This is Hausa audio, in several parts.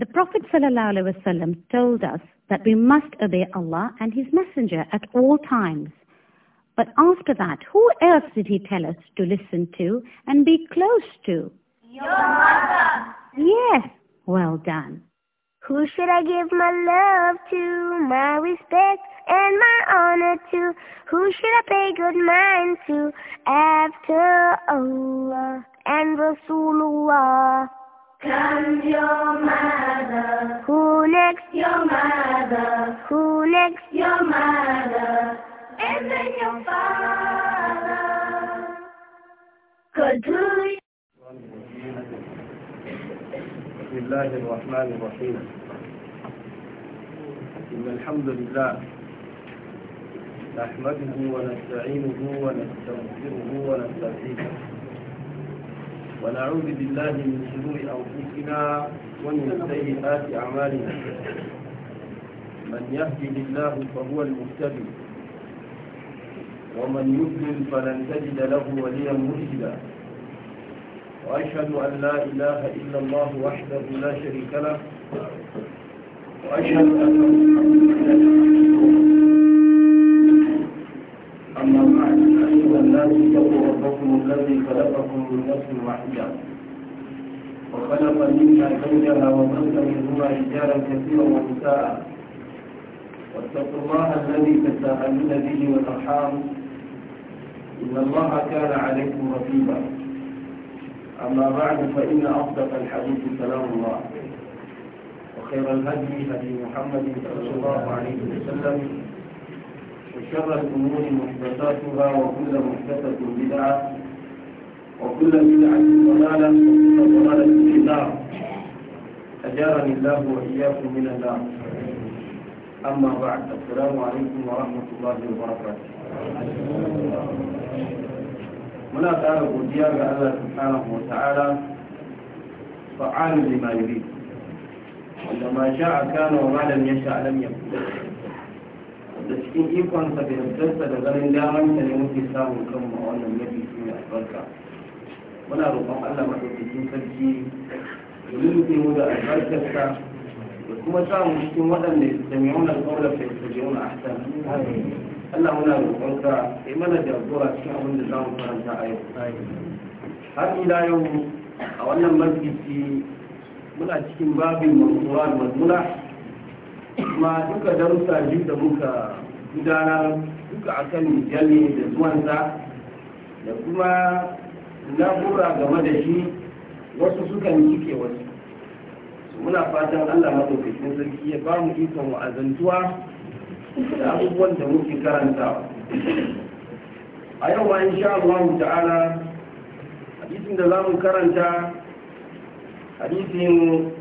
The Prophet ﷺ told us that we must obey Allah and His Messenger at all times. But after that, who else did He tell us to listen to and be close to? Your mother. Yes, well done. Who should I give my love to, my respect and my honor to? Who should I pay good mind to after Allah and Rasulullah? Come your mother. Who next? Your mother. Who next? Your mother. And then your father. Could do بسم الله الرحمن الرحيم إن الحمد لله نحمده ونستعينه ونستغفره ونستهديه ونعوذ بالله من شرور أنفسنا ومن سيئات أعمالنا من يهدي الله فهو المهتدي ومن يضلل فلن تجد له وليا مرشدا وأشهد أن لا إله إلا الله وحده لا شريك له وأشهد أن محمدا أما بعد أيها الناس اتقوا ربكم الذي خلقكم من نفس واحدة وخلق منها زوجها وبث منهما رجالا كثيرا ونساء واتقوا الله الذي تساءلون به والأرحام إن الله كان عليكم رقيبا أما بعد فإن أصدق الحديث كلام الله وخير الهدي هدي محمد صلى الله عليه وسلم وشر الأمور محدثاتها وكل محدثة بدعة وكل بدعة ضلالة وكل ضلالة في النار أجارني الله وإياكم من النار أما بعد السلام عليكم ورحمة الله وبركاته muna ƙara godiya الله سبحانه وتعالى فعال لما يريد عندما شاء كان وما لم يشاء لم يكن da cikin ikonsa da yardarsa da ganin daman ta ne muke samun kanmu a wannan mafi mai albarka muna roƙon Allah cikin sarki da nufi mu da albarkarsa da kuma samun cikin waɗanda da mai wani alƙawar da fahimta wani ahsan Allah muna roƙon ka ya mana jagora cikin abin da za mu karanta a yau har ila yau a wannan mafi muna cikin babin mazmura da mazmura ma duka darussa biyu da muka gudana duka akan jami da zuwansa da kuma na'ura game da shi wasu sukan cike wasu muna fatan allah maɗaukakin sarki ya ba mu ikon wa'azantuwa da abubuwan da muke karanta a yau ma insha Allah ta'ala hadisin da za mu karanta hadisin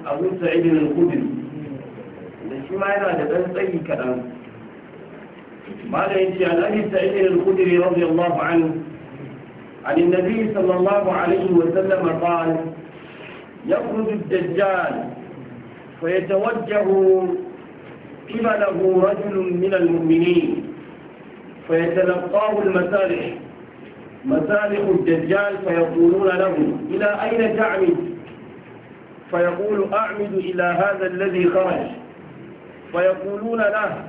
abu sa'idin al kudin. ماذا يجي عن أبي سعيد الخدري رضي الله عنه عن النبي صلى الله عليه وسلم قال يخرج الدجال فيتوجه قبله رجل من المؤمنين فيتلقاه المسالح مسالح الدجال فيقولون له إلى أين تعمد فيقول أعمد إلى هذا الذي خرج فيقولون له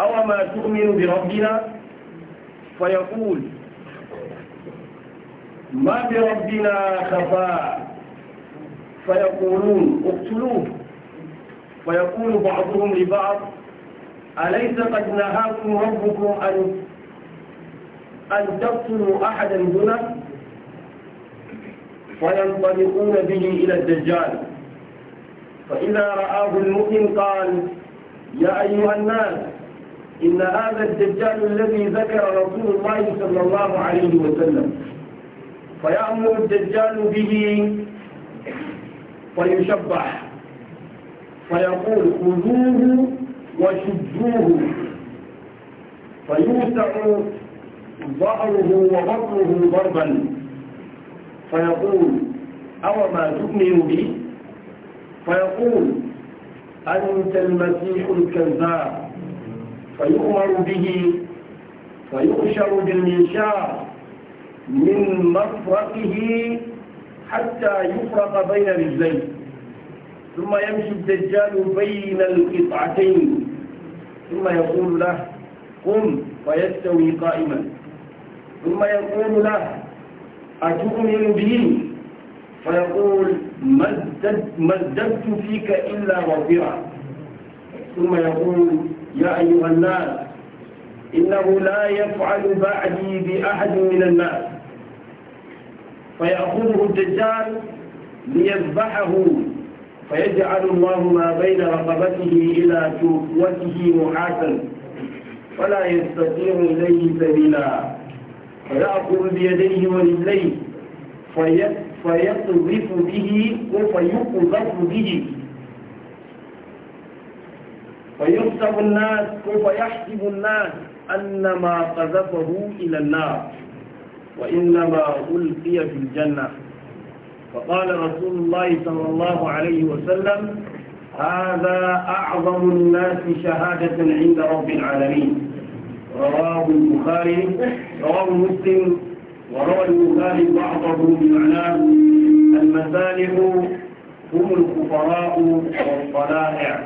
أو ما تؤمن بربنا فيقول ما بربنا خفاء فيقولون اقتلوه فيقول بعضهم لبعض أليس قد نهاكم ربكم أن أن تقتلوا أحدا هنا فينطلقون به إلى الدجال فإذا رآه المؤمن قال يا أيها الناس إن هذا الدجال الذي ذكر رسول الله صلى الله عليه وسلم فيأمر الدجال به فيشبح فيقول خذوه وشدوه فيوسع ظهره وبطنه ضربا فيقول أوما تؤمن به فيقول أنت المسيح الكذاب فيؤمر به فيؤشر بالمنشار من مفرقه حتى يفرق بين رجليه ثم يمشي الدجال بين القطعتين ثم يقول له قم فيستوي قائما ثم يقول له أتؤمن به فيقول ما ازددت فيك إلا مغفرة ثم يقول يا أيها الناس إنه لا يفعل بعدي بأحد من الناس فيأخذه الدجال ليذبحه فيجعل الله ما بين رقبته إلى جوته محاسا فلا يستطيع إليه سبيلا فيأخذ بيديه ورجليه فيأخذ فيقذف به وفيقذف به فيحسب الناس وفيحسب الناس أن ما قذفه إلى النار وإنما ألقي في الجنة فقال رسول الله صلى الله عليه وسلم هذا أعظم الناس شهادة عند رب العالمين رواه البخاري رواه مسلم وروى البخاري بعضه بمعناه المسالح هم الكفراء والصلاحع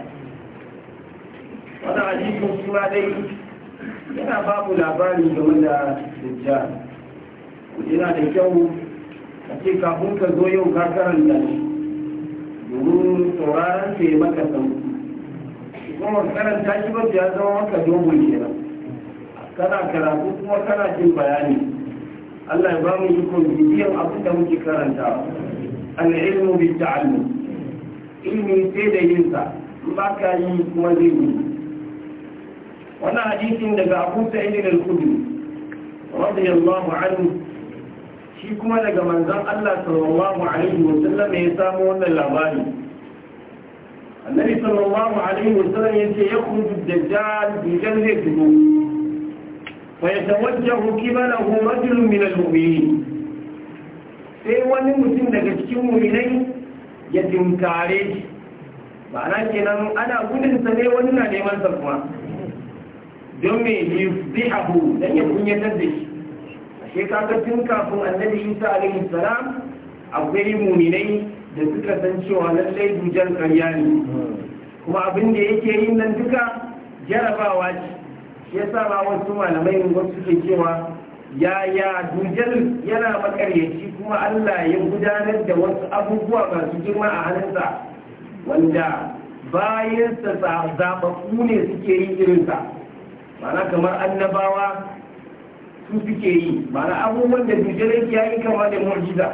wani hadisin kuma dai yana ba mu labari game da dajjal yana da kyau a ce kafin ka zo yau ka karanta shi domin sauraron ta yi maka sauki kuma karanta shi ba ya zama maka dogon kenan kana karatu kuma kana jin bayani Allah ya ba mu ikon bibiyan abin da muke karanta al'ilmu bi ta'allum ilmi sai da yin sa ba ka yi kuma zai yi wannan hadisin daga Abu Sa'id al-Khudri radiyallahu anhu shi kuma daga manzan Allah sallallahu alaihi wa sallam ya samu wannan labari annabi sallallahu alaihi wa sallam yace yakhruju ad-dajjal bi jannati ويتوجه كبله رجل من المؤمنين sai wani mutum daga cikin muminai ya tunkare shi ma'ana kenan ana gudun sa ne wani na neman sa kuma don me abu dan ya kunyatar da shi ashe kaga tun kafin annabi Isa alaihi salam akwai muminai da suka san cewa lallai dujan karya ne kuma abin da yake yin nan duka jarabawa ce ya sa ma wasu malamai wasu suke cewa yaya dujal yana makaryaci kuma allah ya gudanar da wasu abubuwa masu girma a hannunsa wanda bayansa zaɓaɓɓu ne suke yi irinsa mana kamar annabawa su suke yi mana abubuwan da dujal ya yi kama da mu'jiza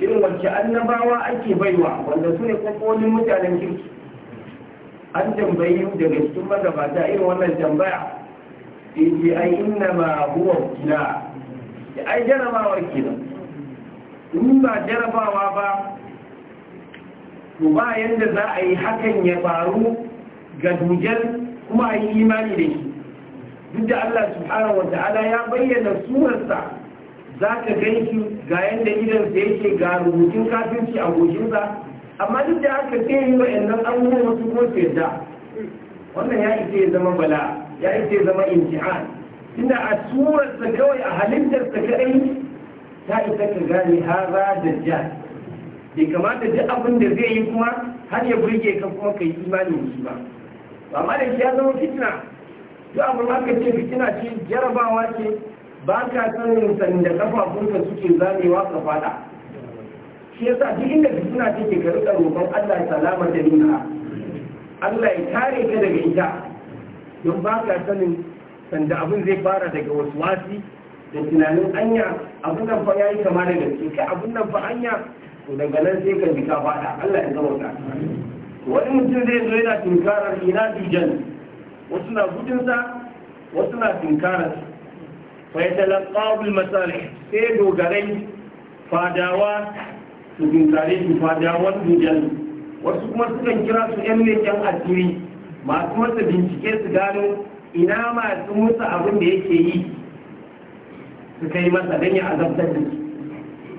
irin wacce annabawa ake baiwa wanda su ne kwakwolin mutanen kirki an tambayi daga cikin magabata irin wannan tambaya sai ce ai inna huwa kila ai jarabawar kenan in ba jarabawa ba to ba yadda za a yi hakan ya faru ga dugar kuma a yi imani da shi duk da Allah subhanahu wa ta'ala ya bayyana sunarsa za ka gan ga yadda idansa yake ga rubutun kafinci a goshinsa amma duk da haka sai yi wa'annan abubuwan wasu ko su wannan ya isa ya zama bala ya ita zama imtihan ina a da kawai a halittarsa kadai ta isa ka gane hara da ja bai kamata duk abin da zai yi kuma har ya burge ka kuma ka yi imani da shi ba ba ma da shi ya zama fitina duk abin da aka ce fitina ce jarabawa ce ba ka san da kafafunka suke zamewa ka fada shi yasa duk inda fitina take ka rika roƙon Allah ya salama da nuna Allah ya tare ka daga ita don ba ka sanin sanda abin zai fara daga wasu wasi da tunanin anya abin nan fa yayi kama da gaske kai abin nan fa anya to daga nan sai ka bi ka fada Allah ya zama ka wani mutum zai zo yana tunkarar ina dijan wasu na gudun sa wasu na tunkarar fa ya talaqa bil masalih sai dogarai fadawa su tunkare su fadawan dijan wasu kuma sukan kira su yan leƙen asiri masu masa bincike su gano ina masu musu abin da yake yi su kai masa don ya azabtar da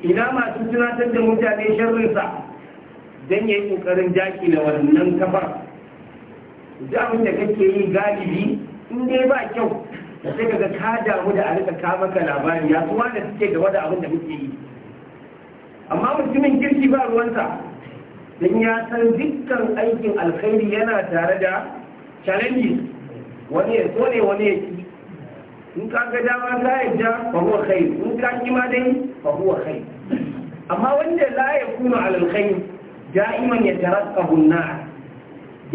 ina masu tunatar da mutane sharrinsa don ya yi ƙoƙarin jaki na wannan kafar da abin da kake yi galibi in dai ba kyau da sai kaga ka damu da alika ka maka labari ya kuma da suke gaba da abin da muke yi amma mutumin kirki ba ruwansa don ya san dukkan aikin alkhairi yana tare da challenges wani ya so ne wani ya ki in ka ga dama ka yadda fa huwa khair in ka ki ma dai fa huwa khair amma wanda la ya ala alkhair da'iman ya an-nas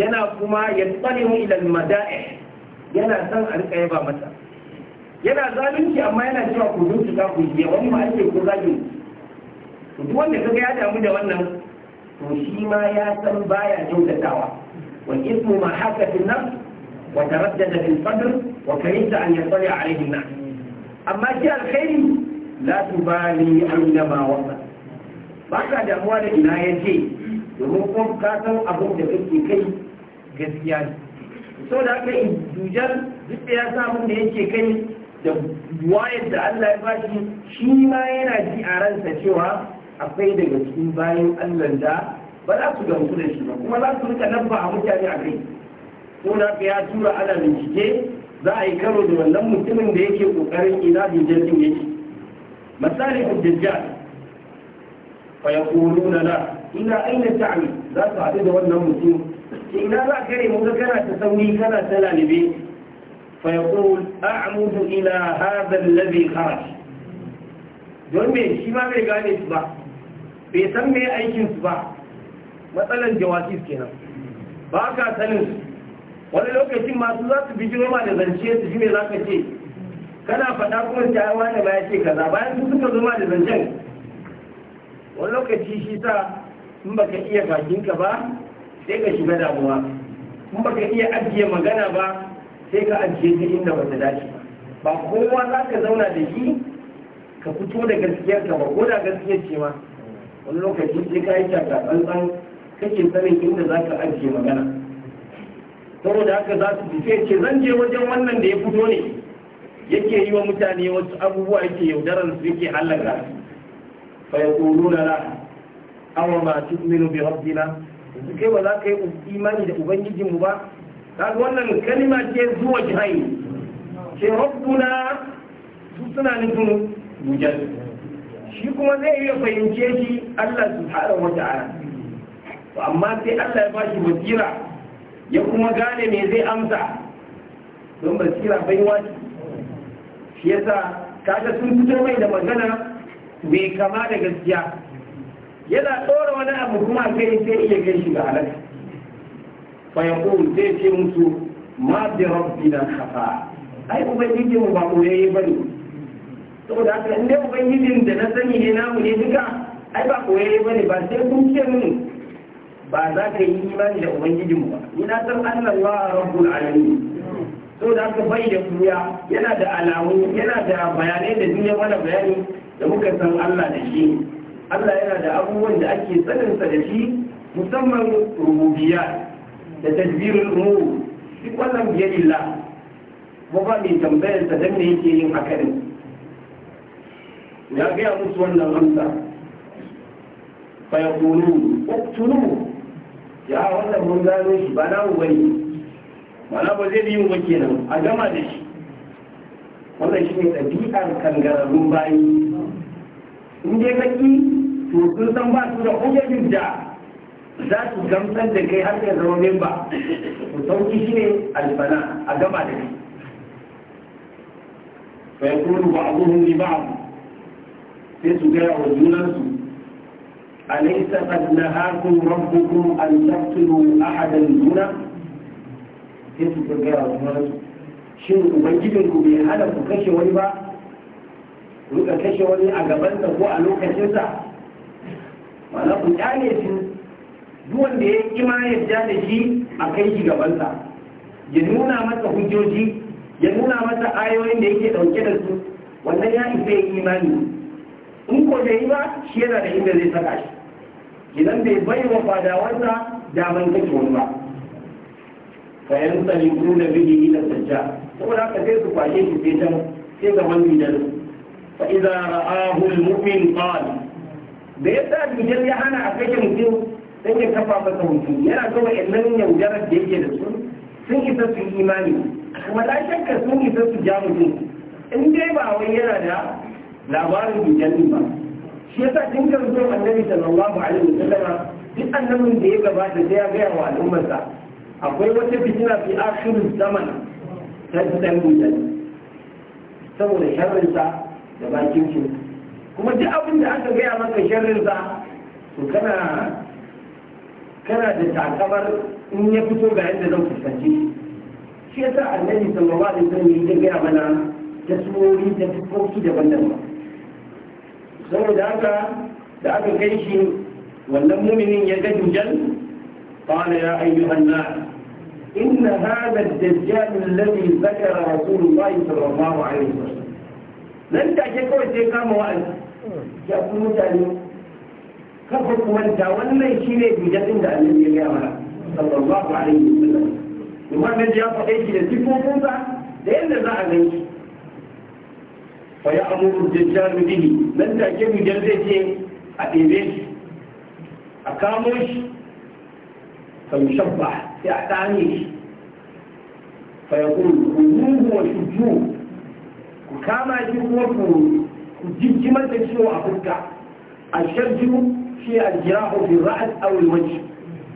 yana kuma ya mu ila al-mada'ih yana san a rika yaba masa yana zalunci amma yana cewa ku zuci ka ku yi wani ma ake ku zagi duk wanda kaga ya damu da wannan to shi ma ya san baya kyautatawa wani ismu ma haka fi nafs wa taraddada fil sadr wa karita an yasali alayhi nas amma shi alkhairi la tubali aina ma wasa ba ka damuwa da ina ya je domin ko ka san abin da kake kai gaskiya ne so da haka dujar duk da ya samu da yake kai da wayar da Allah ya bashi shi ma yana ji a ransa cewa akwai daga cikin bayan allah da ba za su gamsu da shi ba kuma za su rika ba a mutane a kai ko na ka ya tura ana bincike za a yi karo da wannan mutumin da yake kokarin ina dujjal din yake misali jajja. fa na na. ina aina ta'mi za su haɗu da wannan mutum ina za ka mu ga kana ta sauri kana ta lalibe fa yaqul a'mudu ila hadha alladhi kharaj don me shi ma bai gane su ba bai san me aikinsu ba matsalar jawakis kenan ba ka sanin wani lokacin masu za su bijiro ma da zance su ji mai za ka ce kana faɗa kuma jawa ne ma ya ce kaza bayan su suka da zancen wani lokaci shi sa in ka iya bakinka ba sai ka shiga damuwa in ka iya ajiye magana ba sai ka ajiye ta inda ba ta dace ba kowa za ka zauna da shi ka fito da gaskiyarka ba ko da gaskiyar ce wani lokaci sai ka yi shaka tsantsan kake sanin inda za ka ajiye magana saboda haka za su fice ce zan je wajen wannan da ya fito ne yake yi wa mutane wasu abubuwa yake yaudaran su yake hallaka fa yaquluna la awa ma minu bi rabbina su kai ba za ka yi imani da mu ba kaga wannan kalima ce zuwa jihai ce rabbuna su suna nufin mujallid shi kuma zai iya fahimce shi Allah haɗa wata ta'ala to amma sai Allah ya ba shi basira ya kuma gane me zai amsa don basira bai wani shi sa kaga sun fito mai da magana mai kama da gaskiya yana ɗora wani abu kuma kai sai iya kai shi ga halaka fa zai ce musu ma bi rabbina khafa ai ubangiji mu ba yayi bane saboda haka in dai ubangijin da na sani ne namu ne duka ai ba koyayye bane ba sai kun ce mun ba za ka yi imani da ubangijin ba ni na san Allah rabbul alamin saboda haka bai da kuya yana da alamu yana da bayanai da duniya mana bayani da muka san Allah da shi Allah yana da abubuwan da ake sa da shi musamman rububiya da tadbirin umur duk wannan biyar mu ba mai tambayar sa dan me yake yin haka ya gaya musu wannan amsa fa ya kuru uktulu ya wannan mun gano shi ba na mu bane mana ba zai bi mu ba kenan a gama da shi wannan shi ne ɗabi'ar kangararrun bayi in dai kaki to sun san ba su da hujjajin da za su gamsar da kai har ya zama memba ku sauki shi ne alfana a gama da kai fa ya kuru ba'aduhum li ba'd sai su gaya wa junansu alaysa qad nahakum rabbukum an taqtulu ahadan duna sai su gaya wa junansu shin ubangijinku bai hana ku kashe wani ba ruka kashe wani a gabansa ko a lokacinsa wala ku kyale shi duk wanda ya ki ma yarda da shi a kai shi gabansa ya nuna masa hujjoji ya nuna masa ayoyin da yake dauke da su wannan ya isa yin imani in ko da yi ba shi yana da inda zai saka shi idan bai bai wa fadawansa daman kake wani ba fa yan tsani kuna yi na sajja saboda haka sai su kwashe shi sai can sai ga wani da fa idza ra'ahu almu'min qala da yadda dujal ya hana a kashe mutum sai ya kafa masa hutu yana ga wa'annan yaudarar da yake da su sun isa su imani kuma da shakka sun isa su ja mutum in dai ba wai yana da labarin bijanin ba shi yasa tun karfin annabi sallallahu alaihi wasallama duk annabin da ya gabata sai ya gaya wa al'ummarsa akwai wata fitina fi akhirin zaman ta dan bijan saboda sharrinsa da bakin shi kuma duk abin da aka gaya maka sharrinsa to kana kana da takamar in ya fito ga yadda zan fuskanci shi shi yasa annabi sallallahu alaihi wasallam ya gaya mana da surori da fuskoki daban-daban saboda haka da aka kai shi wannan muminin ya ga dujal qala ya ayyuhan nas inna hadha ad-dajjal alladhi zakara rasulullahi sallallahu alaihi wasallam nan take kawai sai kama wa'azi ya kuma mutane kafa kumanta wannan shine dujalin da annabi ya gaya mana sallallahu alaihi wasallam kuma nan ya faɗe shi da sifofinsa da yadda za a gan fa ya amuru dajjalu nan nan ke dujjal zai ce a ɗebe shi a kamo shi fa yushabba sai a tsane shi fa ya kuru ruhu wa shujju ku kama shi kuma ku ku jijjimar da ciwo a fuska a sharju shi al-jirahu fi ra'at aw al-wajh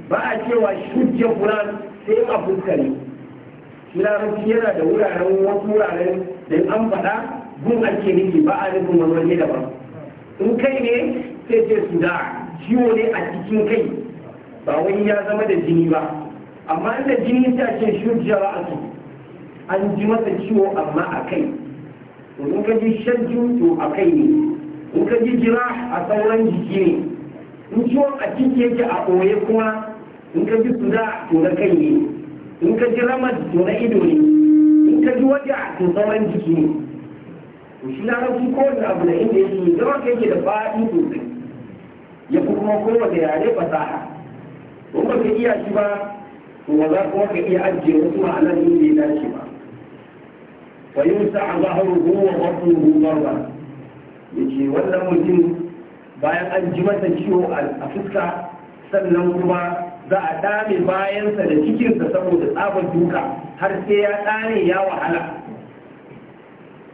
ba a cewa shujja fulan sai a fuska ne shi larabci yana da wuraren wasu wuraren da an faɗa gun ake niki ba a nufin wani waje daban in kai ne sai ce su da ciwo ne a cikin kai ba wani ya zama da jini ba amma inda jini sai ce ba a su an ji masa ciwo amma a kai in ka ji shajju to a kai ne in ka ji jira a sauran jiki ne in ciwon a ciki yake a ɓoye kuma in ka ji suda to na kai ne in ka ji ramar to na ido ne in ka ji waje to sauran jiki ne to shi larabci ko wani abu da inda yake yi zama kai ke da faɗi sosai ya fi kuma kowane yare fasaha ko ba ka iya shi ba to ba za kuma ka iya ajiye wasu ma'anar da ya dace ba fa yin sa a zaharuhu wa wasu ba ya ce wannan mutum bayan an ji masa ciwo a fuska sannan kuma za a dame bayansa da cikinsa saboda tsabar duka har sai ya dame ya wahala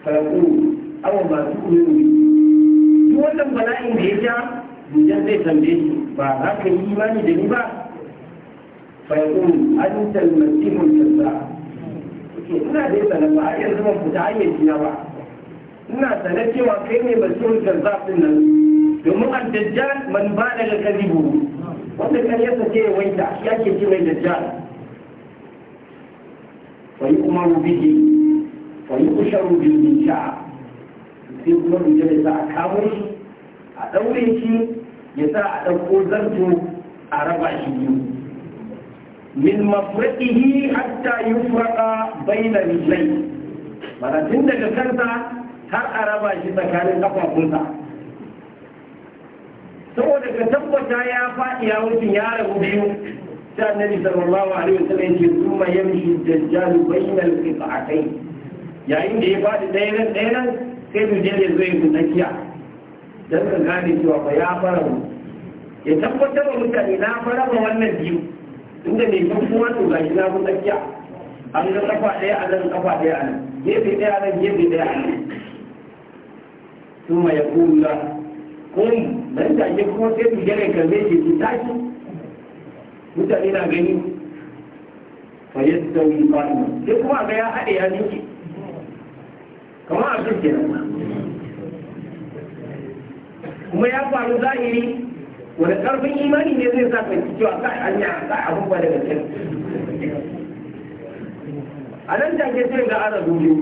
fayaku awa ba su umaru duk wannan bala'in da ya ja dujan zai tambaye shi ba za ka yi imani da ni ba fa ya kuma antal masihun kasa ke ina da yasa na ba a yanzu ban fita hayyaci na ba ina sanar cewa kai ne masihun kasa din nan domin addajjal man ba daga kazibu wanda kan yasa ce ya waita ya ke ce mai dajjal ويؤمر به ويؤشر بالمنشاء sai kuma duje ya sa a kawo shi a ɗaure shi ya sa a ɗauko zarto a raba shi biyu min mafraqihi hatta yufraqa bayna rijlai mana tun daga kansa har a raba shi tsakanin kafafunsa saboda ka tabbata ya faɗi ya wuce ya rabu biyu sai annabi sallallahu alaihi wasallam yake kuma yamshi dajjalu bainal qit'atayn yayin da ya faɗi ɗaya nan ɗaya nan sai su jere zai yi nakiya don ka gane cewa ba ya fara mu ya tabbatar wa mutane na fara ba wannan biyu inda ne kan kuma to gashi na mu nakiya an ga kafa ɗaya a nan kafa ɗaya a nan gefe ɗaya a nan gefe ɗaya a nan kuma ya kula kun nan ke kuma sai su jere kan zai ke ki tashi mutane na gani fa yadda wani fa'ima ko kuma ga ya haɗe ya nike kamar a cikin kuma ya faru zahiri wani karfin imani ne zai sa kai cewa kai an yi a abin ba daga can a nan take sai ga ana dubu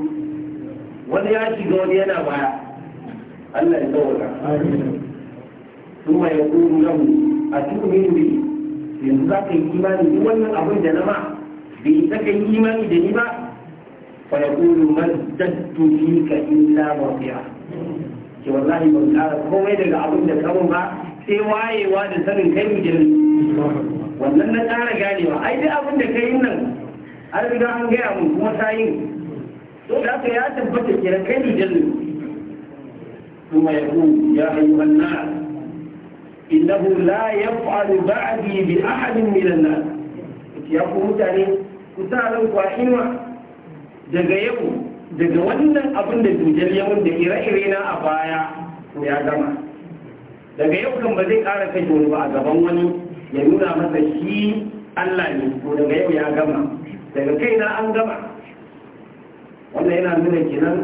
wani ya shiga wani yana baya Allah ya tsawaka kuma ya kuru lahu a cikin bi yanzu za ka yi imani duk wannan abin da na ma bai ka yi imani da ni ba فيقول ما ازددت فيك إلا مرضية ke wallahi ban kara komai daga abin da kamun ba sai wayewa da sanin kai mujallin wannan na kara ganewa ai duk abin da kai nan an riga an gaya mun kuma ta yin to da haka ya tabbata kira kai mujallin kuma ya ku ya ayyuhan nas innahu la yaf'alu ba'di min ya mutane daga yau daga wannan abin da dujar ya da ire-ire na a baya ko ya gama daga yau kan ba zai kara kai wani ba a gaban wani ya nuna masa shi Allah ne ko daga yau ya gama daga kai na an gama wannan yana nuna kenan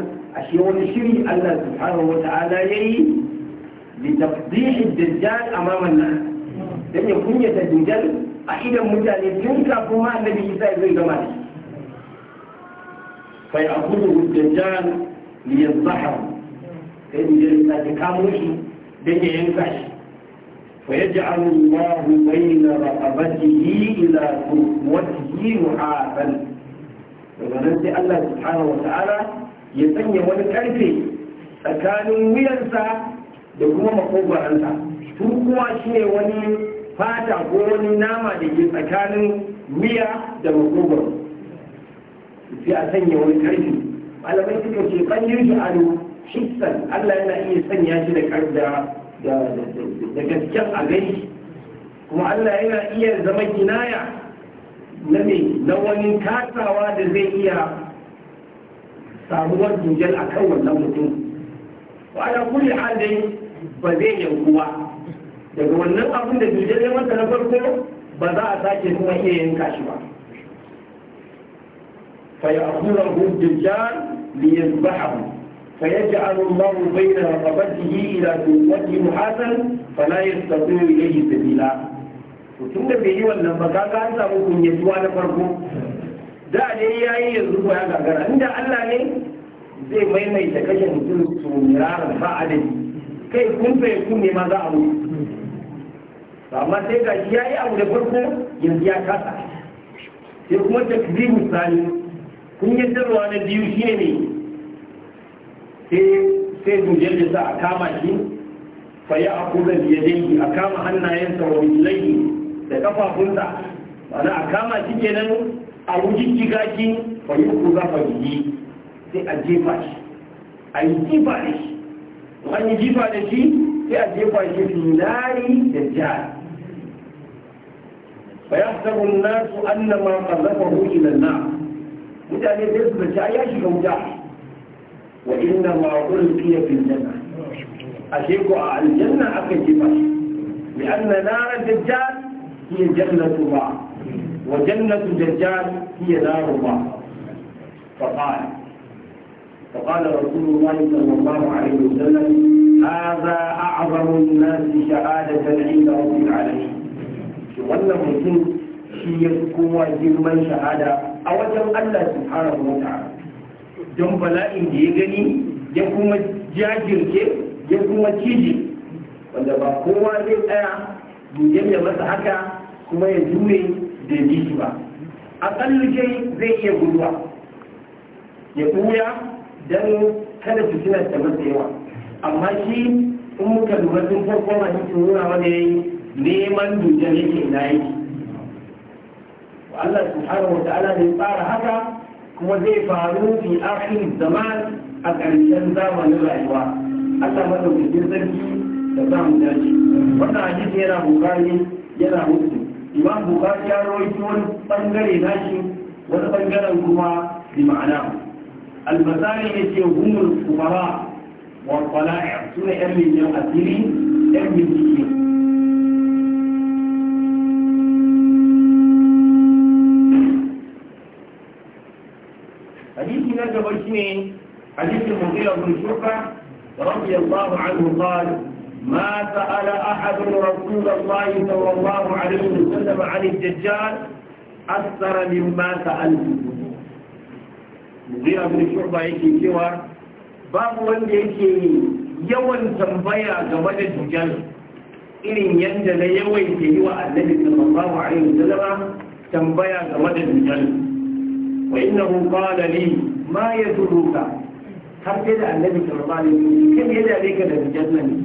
shi wani shiri Allah subhanahu wata'ala yayi li tafdihi dajjal amaman nan dan ya kunyata dujal a idan mutane tun kafin ma annabi Isa zai gama da shi fa ya kudu dajjal li yazbahu sai mu je na ta kamo shi da ke yanka shi fa yaj'alu Allah sai Allah wa ta'ala ya sanya wani karfe tsakanin wuyansa da kuma makogwaransa su kuma shi ne wani fata ko wani nama da ke tsakanin wuya da makogwaro sai a sanya wani karfi malamai suka ce ban yi ado hissan Allah yana iya sanya shi da karda da gasken a gani kuma Allah yana iya zama kinaya na mai na wani kasawa da zai iya samuwar dujal a kan wannan mutum wa ala kulli halin ba zai yanku ba daga wannan abin da dujal ya manta na farko ba za a sake kuma iya yanka shi ba فيأخذه الدجال ليذبحه فيجعل الله بين رقبته إلى قوته محاسن فلا يستطيع إليه سبيلا tun da bai yi wannan ba ka ka samu kunyatuwa na farko da ne ya yi yanzu ko ya inda Allah ne zai maimaita kashe mutum su mirarar kai kun fa ne ma a mutu amma sai ga ya yi abu da farko yanzu ya kasa sai kuma takdiru sani kun yi sirwa na biyu shi ne sai dujiyar da sa a kama shi faya a kuma biyadai a kama hannayen wa bijilai da kafafunsa mana a kama shi kenan a wujin jigaki faya ku za fa biyi sai a jefa shi a yi jifa da shi an yi jifa da shi sai a jefa shi finari da jihar nasu الناس أن ما قذفه hukunan النار إذا لم يثبت أياش فوجع وإنما ألقي في الجنة أشيك على الجنة أكتبا لأن نار الدجال هي جنة الله وجنة الدجال هي نار الله فقال فقال رسول الله صلى الله عليه وسلم هذا أعظم الناس شهادة عند رب العالمين وأنه يكون شيء يكون واجب من شهاده a wajen Allah subhanahu wa ta'ala don bala'in da ya gani ya kuma jajirce ya kuma ciji, wanda ba kowa zai tsaya dujen ya masa haka kuma ya jure da ya shi ba a tsallace zai iya guduwa ya buya don kada suna da masa yawa amma shi in muka lura tun farko ma shi wani neman dujen yake na yake Allah subhanahu wata'ala ne tsara haka kuma zai faru fi akhir zaman a ƙarshen zamanin rayuwa Allah madaukakin sarki da zamu dace wannan hadisi yana bukari yana mutu imam bukari ya rawaito wani bangare nashi wani bangaren kuma bi ma'ana almasani ne ke humul kubara wa fala'a suna yan min miliyan asiri yan min bincike na gaba ne hadisin mugira bin shuka رضي الله عنه قال ما سأل أحد رسول الله صلى الله عليه وسلم عن الدجال أكثر مما سألته mugira bin shuka yake cewa babu wanda yake yawan tambaya game da dujjal irin yadda na yawaita yi wa annabi sallallahu alaihi wasallam tambaya game da dujjal wa innahu qala li ma ya duru ka har sai da annabi sallallahu alaihi wasallam kin ya dare ka da aljanna ne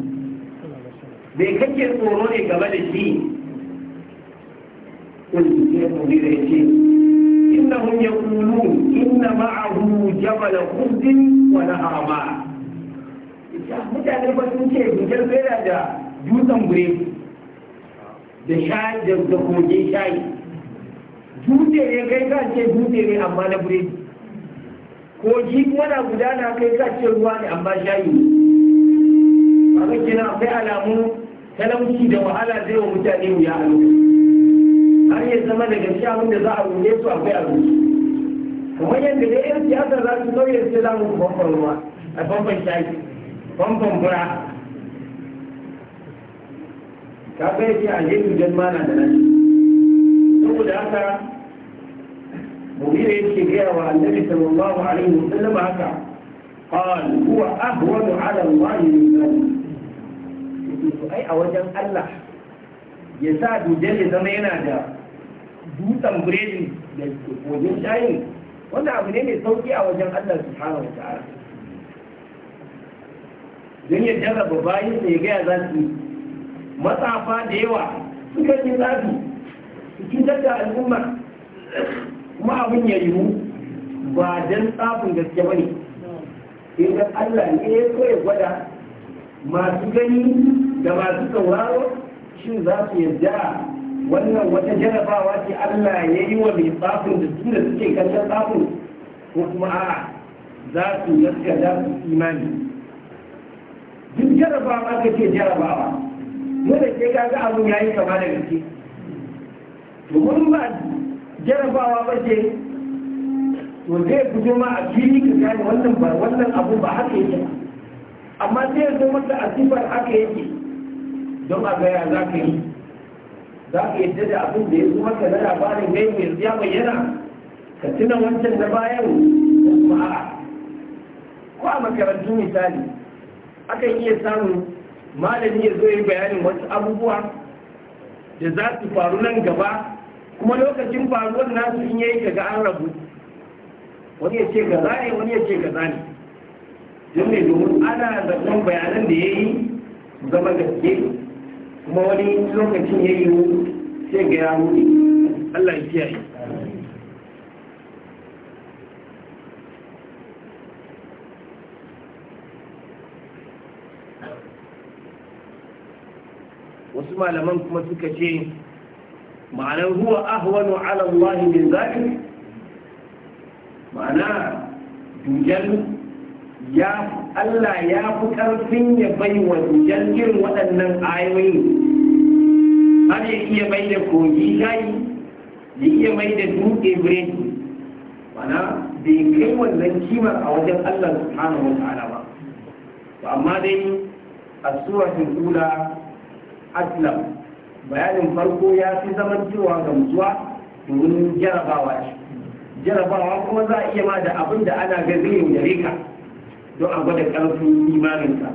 bai kake tsoro ne game da shi kun ya mudi da yace innahum yaqulun inna ma'ahu jabal khuzdin wa na'ama ah, mutane ba sun ce bijar bera da dutsen gure da shayi da kogin shayi dutse ne kai ka ce dutse ne amma na biredi kogi kuma na gudana kai ka ce ruwa ne amma shayi ne a kake akwai alamu talauci da wahala zai wa mutane wuya a lokaci har zama daga shi abin da za a rufe su akwai abinci kamar yadda da yan siyasa za su sauya sai za mu famfan ruwa a famfan shayi famfan bura ka kai ce a jeji jan mana da nan saboda haka mugira yake gaya wa annabi sallallahu alaihi wasallam haka qal huwa ahwanu ala Allah min zalik ai a wajen Allah ya sa dujal ya zama yana da dutsen biredi da wajen shayin wanda abu ne mai sauki a wajen Allah subhanahu wa ta'ala don ya jarraba bayan da ya gaya za su matsafa da yawa suka yi zafi su cutar da al'umma kuma abin ya yiwu ba don tsafin gaske ba ne idan Allah ne ya so ya gwada masu gani da masu sauraro shin za su yarda wannan wata jarabawa ce Allah ya yi wa mai tsafin da su da suke kallon tsafin ko kuma a'a za su yarda za su imani duk jarabawa ka ce jarabawa mu da ke kaga abin ya yi kama da gaske domin ba jarabawa ba ce to zai fito ma a fili ka gane wannan ba wannan abu ba haka yake amma sai zo masa a sifar haka yake don a gaya za ka yi za ka da abin da ya zo maka na labarin gai mai ya bayyana ka tuna wancan na bayan kuma a'a ko a makarantu misali akan iya samu malami ya zo ya bayanin wasu abubuwa da za su faru nan gaba kuma lokacin faruwar nasu in yayi kaga an rabu wani ya ce gaza ne wani ya ce gaza ne don ne domin ana zaton bayanan da ya yi zama gaske kuma wani lokacin ya yi sai ga ya wuce allah ya kiyaye wasu malaman kuma suka ce ma'anar huwa ahwanu ala Allah min zakir ma'ana dujal ya Allah ya fi karfin ya bai wa dujal irin waɗannan ayoyi har ya iya mai da kogi shayi ya iya mai da dutse biredi ma'ana bai kai wannan kima a wajen Allah subhanahu wa ta'ala ba amma dai a suratul ula aslam bayanin farko ya fi zaman cewa gamsuwa domin jarabawa ce jarabawa kuma za a iya ma da abin da ana ga zai yaudare ka don a gwada ƙarfin imaninka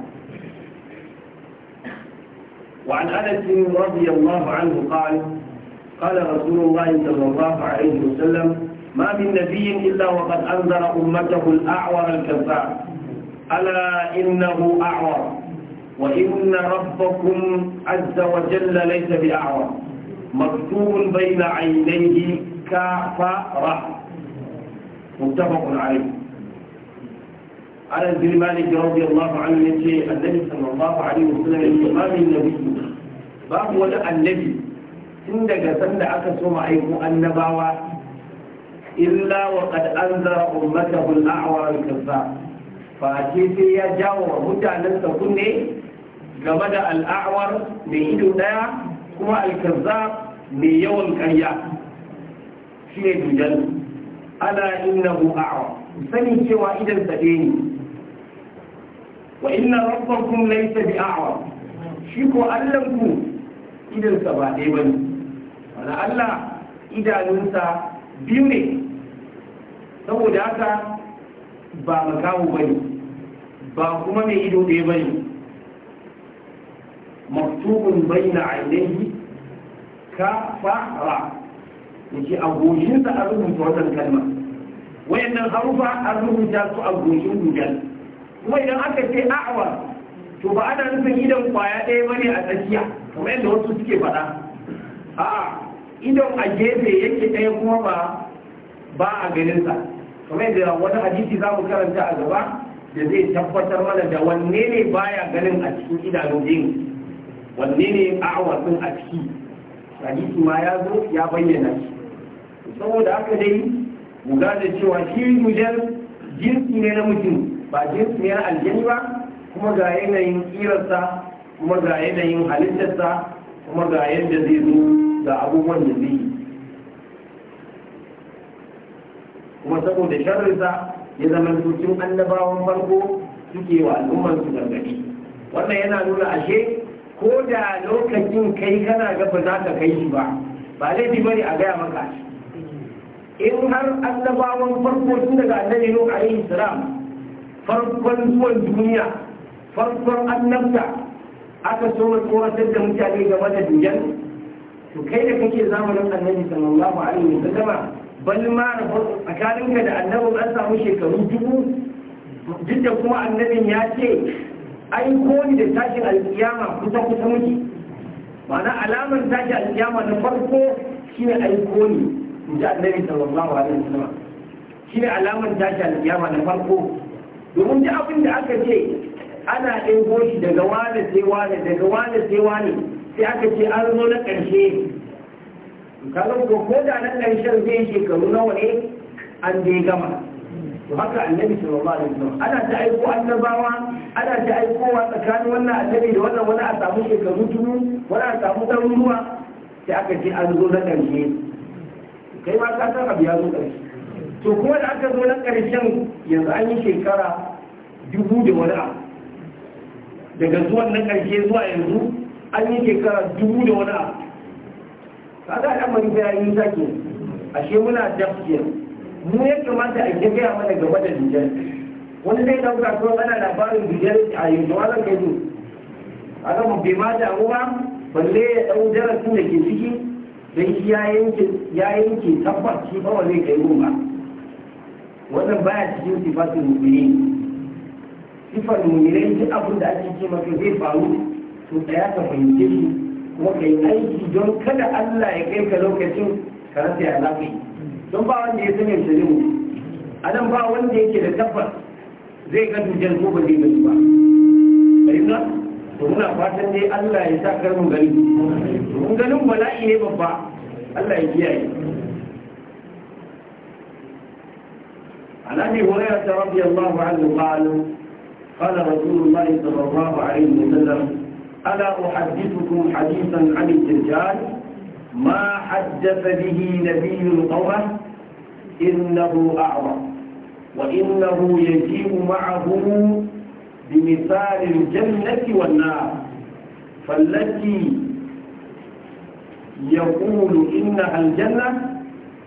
وعن انس رضي الله عنه قال قال رسول الله صلى الله عليه وسلم ما من نبي الا وقد انذر امته الاعور الكفار الا انه اعور وإن ربكم عز وجل ليس بأعور مكتوب بين عينيه كافرة متفق عليه على ابن مالك رضي الله عنه يجي النبي صلى الله عليه وسلم الإمام النبي باب ولا النبي عندك سند أكسو معيه النباوة إلا وقد أنذر أمته الأعور الكذاب فأتي في يجاور متى نستكني game da al'awar mai ido daya kuma alkazzab mai yawan karya shi ne dujal ana innahu a'wa sani cewa idan sade ne wa inna rabbakum laysa bi a'wa shi ko Allah ku ba ɗaya ba ne. Wani Allah idanunsa biyu ne saboda haka ba makawo bane ba kuma mai ido ɗaya bane مكتوب بين عينيه ka fara yake a goshinsa an rubuta wannan kalma wayannan harufa su a goshin gudan kuma idan aka ce a'awa to ba كما nufin idan kwaya ɗaya bane a tsakiya kamar yadda wasu suke faɗa a idan a gefe yake ɗaya kuma ba ba a wani hadisi za mu karanta a gaba da zai tabbatar mana da wanne ne baya ganin a cikin idanun jini wanne ne a'awa din a ciki hadisi ma ya zo ya bayyana shi saboda aka dai mu gane cewa shi mujal jinsi ne na mutum ba jinsi ne na aljani ba kuma ga yanayin kirarsa kuma ga yanayin halittarsa kuma ga yadda zai zo ga abubuwan da zai yi kuma saboda sharrisa ya zama tutun annabawan farko suke wa al'ummar su wannan yana nuna ashe ko da lokacin kai kana ga ba za ka kai shi ba ba laifi bane a gaya maka in har annabawan farko tun daga annabi nuh alaihi salam farkon zuwan duniya farkon annabta aka so na tsoratar da mutane game da dujan to kai da kake zamanin annabi sallallahu alaihi wasallama bal ma tsakaninka da annabin an samu shekaru dubu duk da kuma annabin ya ce ai ko da tashin alkiyama kusa kusa muke ma'ana alamar tashin alkiyama na farko shine ai ko ne in ji annabi sallallahu alaihi wasallam shine alamar tashin alkiyama na farko domin duk abin da aka ce ana ɗauko shi daga wane sai wane daga wane sai wane sai aka ce an zo na ƙarshe kalon ko ko da nan ƙarshen zai shekaru nawa ne an dai gama to haka annabi sallallahu alaihi wasallam ana ta aiko annabawa ana ta wa tsakanin wannan annabi da wannan wani a samu shekaru tunu wani a samu ruwa sai aka ce an zo na ƙarshe kai ma ka san abu ya zo ƙarshe to kuma da aka zo na ƙarshen yanzu an yi shekara dubu da wani abu daga zuwan na ƙarshe zuwa yanzu an yi shekara dubu da wani abu kaga al'amari ya yi sake ashe muna dafiyar mu ya kamata a ke gaya mana game da dijiyar wani zai dauka ko ana labarin dijiyar a yanzu wala kai zo a ga mafi ma damuwa balle ya dau darasin da ke ciki don shi ya yanke ya yanke tabbas shi zai kai goma wannan baya cikin sifatin mummiri sifar mummiri duk abin da ake ce maka zai faru to tsaya ka fahimce shi kuma kai aiki don kada Allah ya kai ka lokacin ka rasa ya lafiya don ba wanda ya sanya shi ne a nan ba wanda yake da tabbas zai ga dujar ko ba zai ga ba fahimta to muna fatan dai Allah ya sa karmu gani mun ganin bala'i ne babba Allah ya kiyaye عن ابي هريره رضي الله عنه قال قال رسول الله صلى الله عليه وسلم الا احدثكم حديثا عن الدجال ما حدث به نبي القوم إنه أعظم وإنه يجيء معه بمثال الجنة والنار فالتي يقول إنها الجنة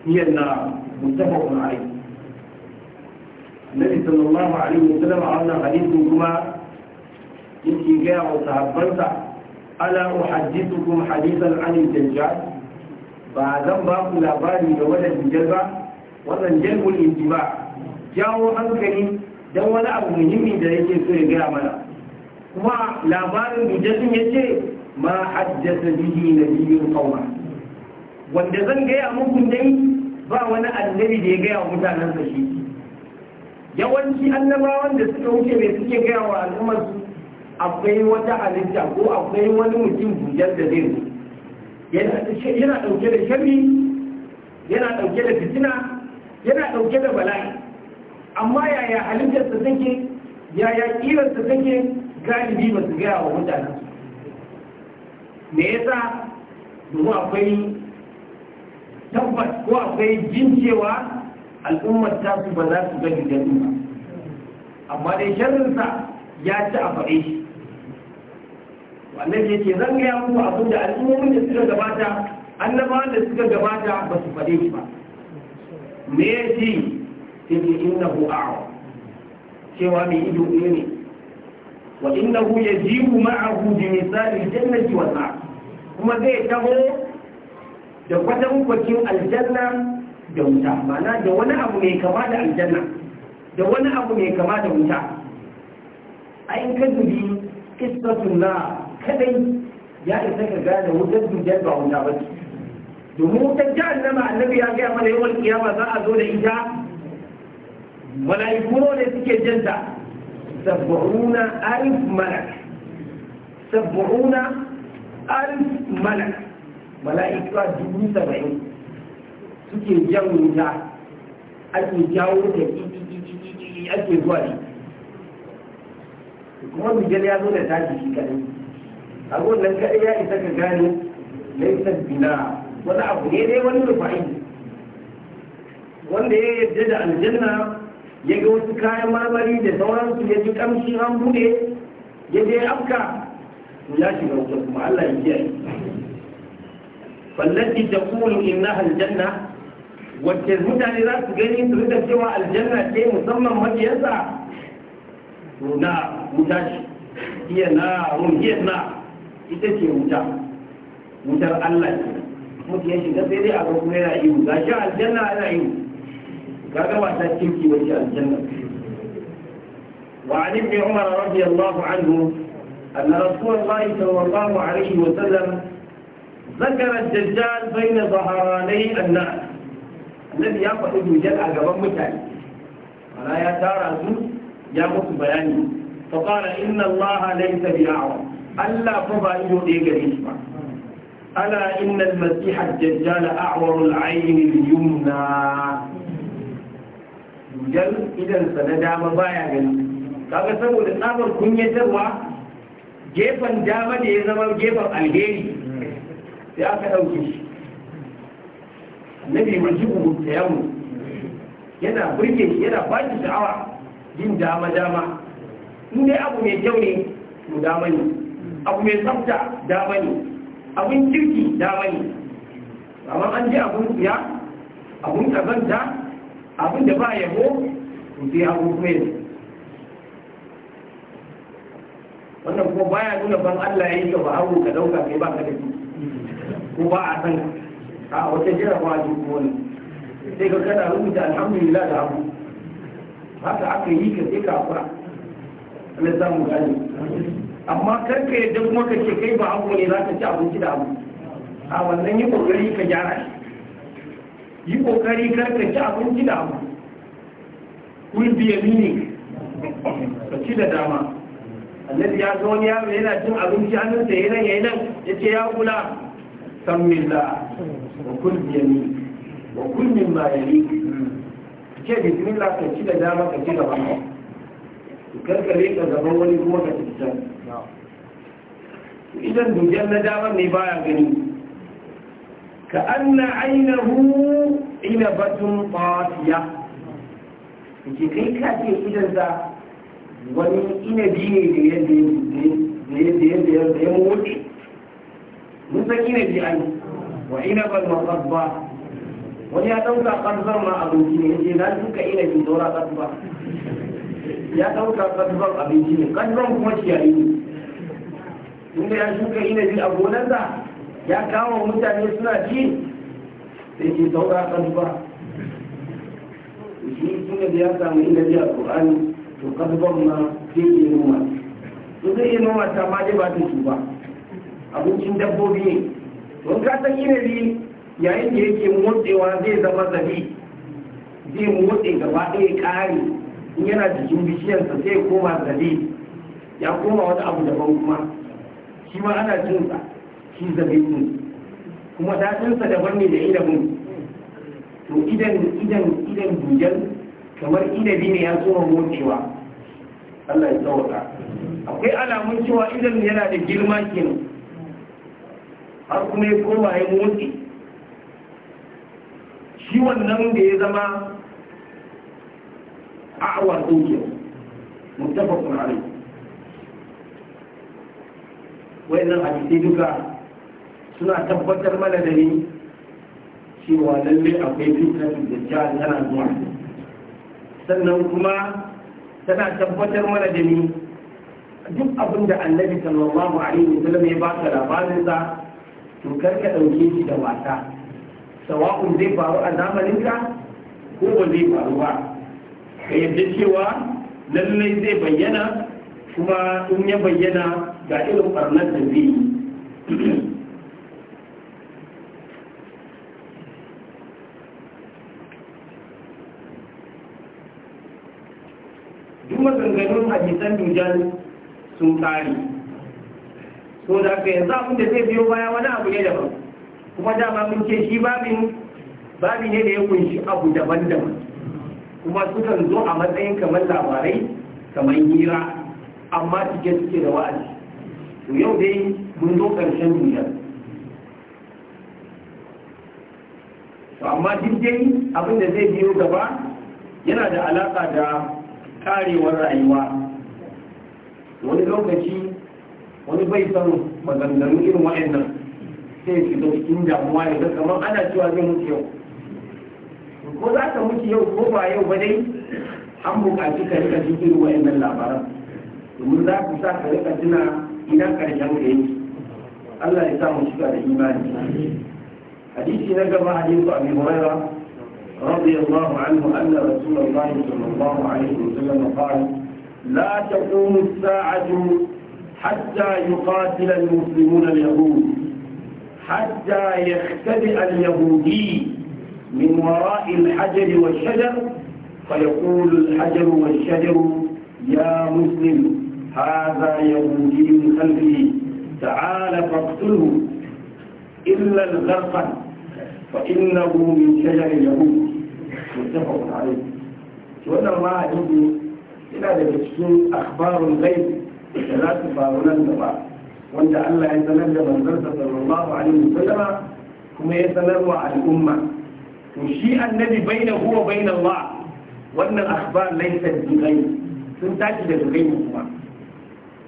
هي النار متفق عليه النبي صلى الله عليه وسلم قال حديثكما كما يجي جاء وتهبلت ألا أحدثكم حديثا عن الدجال ba zan ba ku labari da wannan jar ba wannan jalbul intiba jawo hankali dan wani abu muhimmi da yake so ya gaya mana kuma labarin hujjatun ya ce ma haddasa bihi na biyun kauma wanda zan gaya muku dai ba wani annabi da ya gaya wa mutanen sa shi yawanci annabawan da suka wuce mai suke gaya wa al'ummar akwai wata halitta ko akwai wani mutum hujjar da zai zo yana ɗauke da sharri yana ɗauke da fitina yana ɗauke da bala'i amma yaya halittarsa take yaya ƙirarsa take galibi ba su gaya wa mutanen me yasa domin akwai tabbas ko akwai jin cewa al'ummar tasu ba za su gani da ba amma dai sharrinsa ya ci a faɗe shi wannan ya ce zan gaya muku abin da al'ummomin da suka gabata annabawan da suka gabata ba su faɗe shi ba me ya ce ta ce inna hu a'awa cewa mai ido ɗaya ne wa inna hu ya jihu ma'ahu da misali jannati wa sa'a kuma zai taho da kwatankwacin aljanna da wuta Ma'ana da wani abu mai kama da aljanna da wani abu mai kama da wuta a in ka dubi kistatun na kadai ya isa ka gane wutar dujiyar ba wuta ba ce domin wutar jahannama annabi ya gaya mana yawan kiyama za a zo da ita mala'iku ne suke janta sab'una alif malak sab'una alif malak mala'iku dubu saba'in suke jan wuta ake jawo da ake zuwa ne kuma bijiyar ya zo da tashi shi kadai abun nan ka iya isa ka gano laisa bina wani abu ne dai wani rufa'i wanda ya yarda da aljanna ya ga wasu kayan marmari da sauransu ya ji kamshi an bude ya je afka ya shiga wuta kuma Allah ya kiyaye fallati taqulu innaha aljanna wacce mutane za su gani su rika cewa aljanna ce musamman makiyarsa na mutashi iya na ruhiyar na ita ce wuta wutar Allah ce mutu ya shiga sai dai a ga kuma yana iyo ga shi aljanna ana iyo ta aljanna وعن ابن عمر رضي الله عنه أن رسول الله صلى الله عليه وسلم ذكر الدجال بين ظهراني الناس الذي يقف الدجال أجابا متعي ولا يتارى ya يا bayani فقال إن الله ليس بأعظم Allah fa ba ido ɗaya gare shi ba ala al masiha dajjal al ayn al-yumna dujal idan sa na dama baya gani kaga saboda tsabar kunyatarwa gefen dama da ya zama gefen alheri sai aka ɗauke shi Nabi mai jibu da yana burge shi yana ba shi sha'awa Yin dama dama in dai abu mai kyau ne mu dama ne abu mai tsafta da bane abun kirki da bane amma an ji abun ya abun kazanta abun da ba yabo to sai abu kuma wannan kuma baya nuna ban Allah ya yi ka ba abu ka dauka kai ba ka da ko ba a san a jira ba ji ko ne sai ka kana rubuta alhamdulillah da abu haka aka yi ka sai ka fara Allah samu gani amma karka yadda kuma ka ce kai ba abu ne za ka ci abinci da abu a wannan yi kokari ka gyara shi yi kokari karka ci abinci da abu will biya mini ka ci da dama annabi ya zo wani yaro yana cin abinci hannunsa yana yana ya ce ya kula sammilla wa kul biya mini wa kul min ma yali ce bismillah ka ci da dama ka ci gaba karkare ka zama wani kuma ka ci idan dujan na damar ne baya gani ka an na aina anna ainihu inabatun fasiya ke kai kake ce idan za wani inabi ne da yadda ya motsi mun san inabi an wa inabar matsabba wani ya ɗauka ƙarfar ma abinci ne yake na duka inabi saura ƙarfa ya ɗauka ƙarfar abinci ne ƙarfar kuma ciyayi ne inda ya shuka inabi a gonarsa ya kama mutane suna ci sai ke saura kan ba shi suna da ya samu inabi a ƙur'ani to kasban ma sai ke noma su zai iya noma ta ma dai ba ta su ba abincin dabbobi ne don ka san inabi yayin da yake motsewa zai zama zabi zai motse gaba ɗaya ƙari in yana jikin bishiyarsa sai koma zabi ya koma wani abu daban kuma shi ma ana jin sa shi mu kuma daɗinsa daban ne da inabin to idan idan idan dujan kamar inabi ne ya tsoma motsewa Allah ya tsawata akwai alamun cewa idan yana da girma kenan har kuma ya koma ya motsi shi wannan da ya zama a'awar dokin mutafakun alaihi wayannan hadisai duka suna tabbatar mana da ni cewa lalle akwai fitar da jihar tana zuwa sannan kuma tana tabbatar mana da ni duk abin da annabi sallallahu alaihi sallam ya baka labarin sa to karka dauke shi da wasa sawa'un zai faru a zamanin ka ko ba zai faru ba ka yadda cewa lallai zai bayyana kuma in ya bayyana ga irin farnar da zai yi duk maganganun hadisan dujan sun tsari, so da aka yanzu abin da zai biyo baya wani abu ne daban kuma dama mun ce shi babin babi ne da ya kunshi abu daban-daban kuma sukan zo a matsayin kamar labarai kamar hira amma cike suke da wa'azi to yau dai mun zo ƙarshen duniya to amma duk dai abin da zai biyo gaba yana da alaƙa da karewar rayuwa wani lokaci wani bai san maganganu irin wa'annan sai shiga cikin damuwa ya kamar ana cewa zai mutu yau ko za ka mutu yau ko ba yau ba dai an buƙaci ka rika jin irin wa'annan labaran domin za ku sa ka rika tuna idan karshen da yake حديث ya samu shiga da رضي الله عنه أن رسول الله صلى الله عليه وسلم قال لا تقوم الساعة حتى يقاتل المسلمون اليهود حتى يختبئ اليهودي من وراء الحجر والشجر فيقول الحجر والشجر يا مسلم هذا يوم دين خلفه تعال فاقتله إلا الغرقا فإنه من شجر اليهود متفق عليه وأن الله يبدو إلى ذلك أخبار الغيب لا تفاولا النبى وأن الله يتنبه من درس صلى الله عليه وسلم كما يتنبه على الأمة وشيء الذي بينه وبين الله وأن الأخبار ليست بغيب تنتج بغيب الله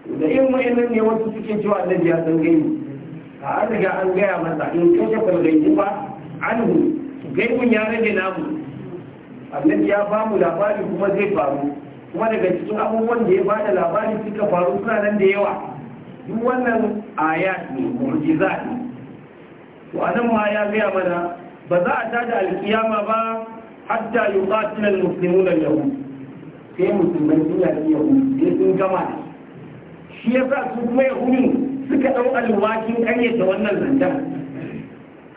da in wa'annan ne wasu suke cewa annabi ya san gaibi a an riga an gaya masa in kashe fargaibu ba anhu gaibun ya rage namu annabi ya ba mu labari kuma zai faru kuma daga cikin abubuwan da ya ba da labari suka faru suna nan da yawa duk wannan aya ne mu'jiza ne to anan ma ya gaya mana ba za a tada alkiyama ba hatta yuqatil almuslimuna yahud sai musulmai sun yaki yahud sai sun gama da shi ya sa su kuma yahudin suka ɗau alwashin da wannan zancen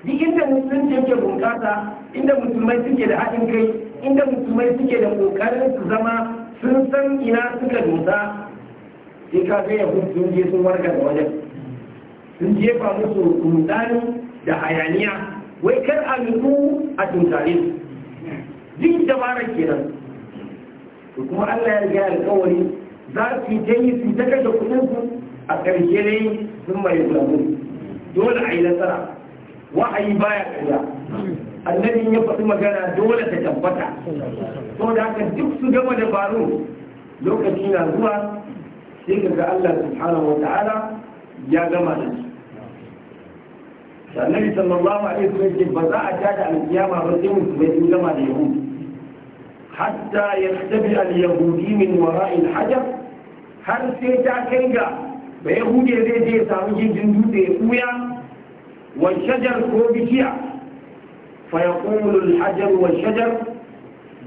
duk inda musulunci yake bunƙasa inda musulmai suke da haɗin kai inda musulmai suke da ƙoƙarin su zama sun san ina suka dosa sai ka ga yahud sun je sun warga da wajen sun jefa musu rudani da hayaniya wai kar a nufu a tuntare su duk dabara kenan to kuma Allah ya riga alƙawari za su ta yi su ta kashe kudin su a ƙarshe ne sun mai zamu dole a yi nasara wa'ayi baya ƙarya annabin ya faɗi magana dole ta tabbata So da haka duk su gama dabaru lokaci na zuwa sai ka ga Allah subhanahu wa ta'ala ya gama da su annabi sallallahu alaihi wasallam ce ba za a tada alkiyama ba sai musulmai sun gama da yahudu hatta yastabi al-yahudi min wara'il hajar har sai ta kai ga ya yahude zai je samu gindin dutse ya ɓuya wa shajar ko bishiya fa ya ƙunulu hajar wa shajar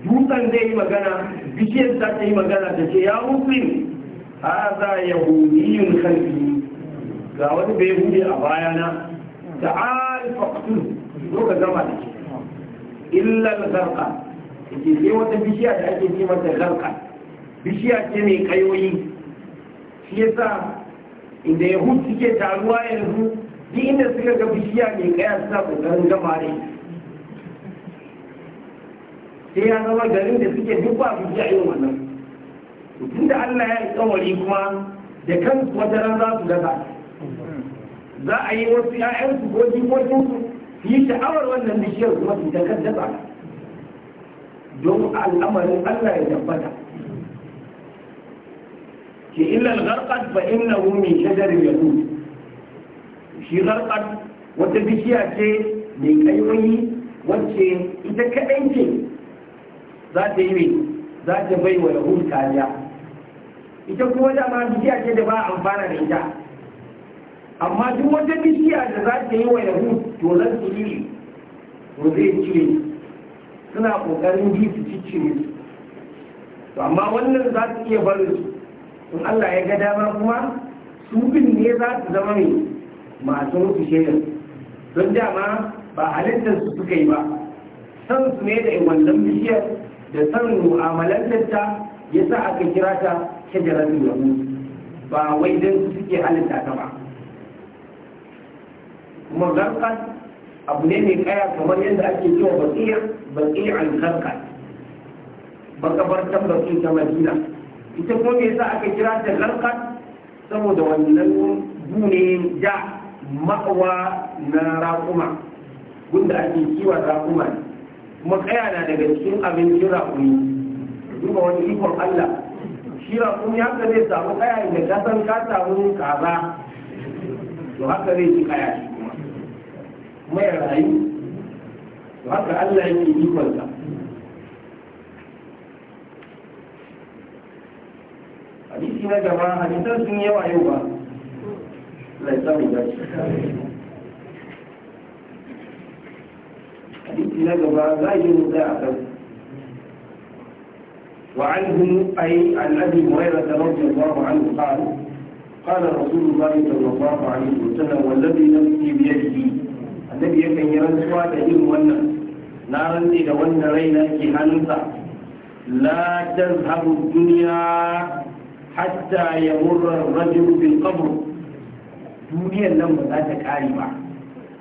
dutsen zai yi magana bishiyar za ta yi magana ta ce ya muslim haza yahudiyun kalbi ga wani bai hude a bayana ta alfaktun zo ka zama da shi illal zarqa ke sai wata bishiya da ake ce mata zarqa bishiya ce mai kayoyi shi yasa inda hutu ke taruwa yanzu duk inda suka ga bishiya mai kaya suna kokarin gama ne sai ya zama garin da suke duk ba bishiya yin wannan tun da allah ya yi tsawari kuma da kansu wata ran za su gaza za a yi wasu 'ya'yansu ko jikokinsu su yi sha'awar wannan bishiyar kuma su ta kan don al'amarin allah ya tabbata إلا الغرقد فإنه من شجر اليهود shi zarfar wata bishiya ce mai kaiwayi wacce ita kaɗai ce za ta yi za ta bai wa yahud kariya ita kuma dama bishiya ce da ba a amfana da ita amma duk wata bishiya da za ta yi wa yahud to zan su yi ko zai cire suna ƙoƙarin bi su ciccire su to amma wannan za su iya barin su in Allah ya ga dama kuma su bin ne za su zama ne masu mutu shirin don dama ba halittar su suka yi ba san su ne da wannan bishiyar da san mu'amalantar ta ya sa aka kira ta shajaratun yahu ba wai don su suke halitta ta ba kuma zarkan abu ne mai kaya kamar yadda ake cewa baƙi alkarka bar baƙi ta madina ita ko me yasa aka kira ta larkat saboda wannan gune ja ma'awa na raƙuma gunda ake kiwa raƙuma ne kuma kaya na daga cikin abincin raƙumi duba wani ikon Allah shi ya haka zai samu kaya inda ka san ka samu kaza to haka zai ci kaya shi kuma mai rayu to haka Allah yake ka. na gaba a cikin sun yi yawa yau ba laisamu da hadisi na gaba za a yi mutsaya a kan وعنه أي عن أبي هريرة رضي الله عنه قال قال رسول الله صلى الله عليه وسلم والذي نفسي بيده النبي يكن يرسوا تهيم ونا نارني إذا رينا كهانسا لا تذهب الدنيا hatta ya murra rajul bil qabr duniyar nan ba za ta kare ba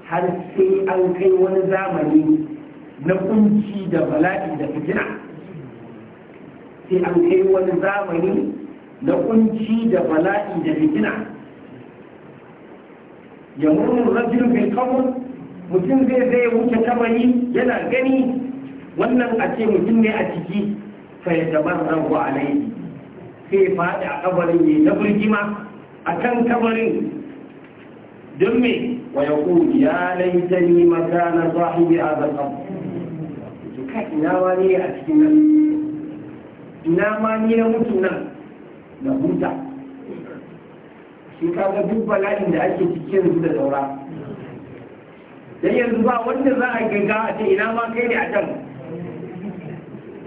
har sai an kai wani zamani na kunci da bala'i da fitina sai an kai wani zamani na kunci da bala'i da fitina ya murmur rajul bil qabr mutum zai zai wuce kabari yana gani wannan a ce mutum ne a ciki fa ya tabarrahu alaihi sai faɗi a kabarin yi na birgima a kan kabarin don me wa ya ƙuni ya laita ni maka na sahibi a zaɓar to ka ina ma ne a cikin nan ina ma ni na mutu nan na huta shi ga duk bala'in da ake cikin da zaura. dan yanzu ba wanda za a gaga a ce ina ma kai ne a can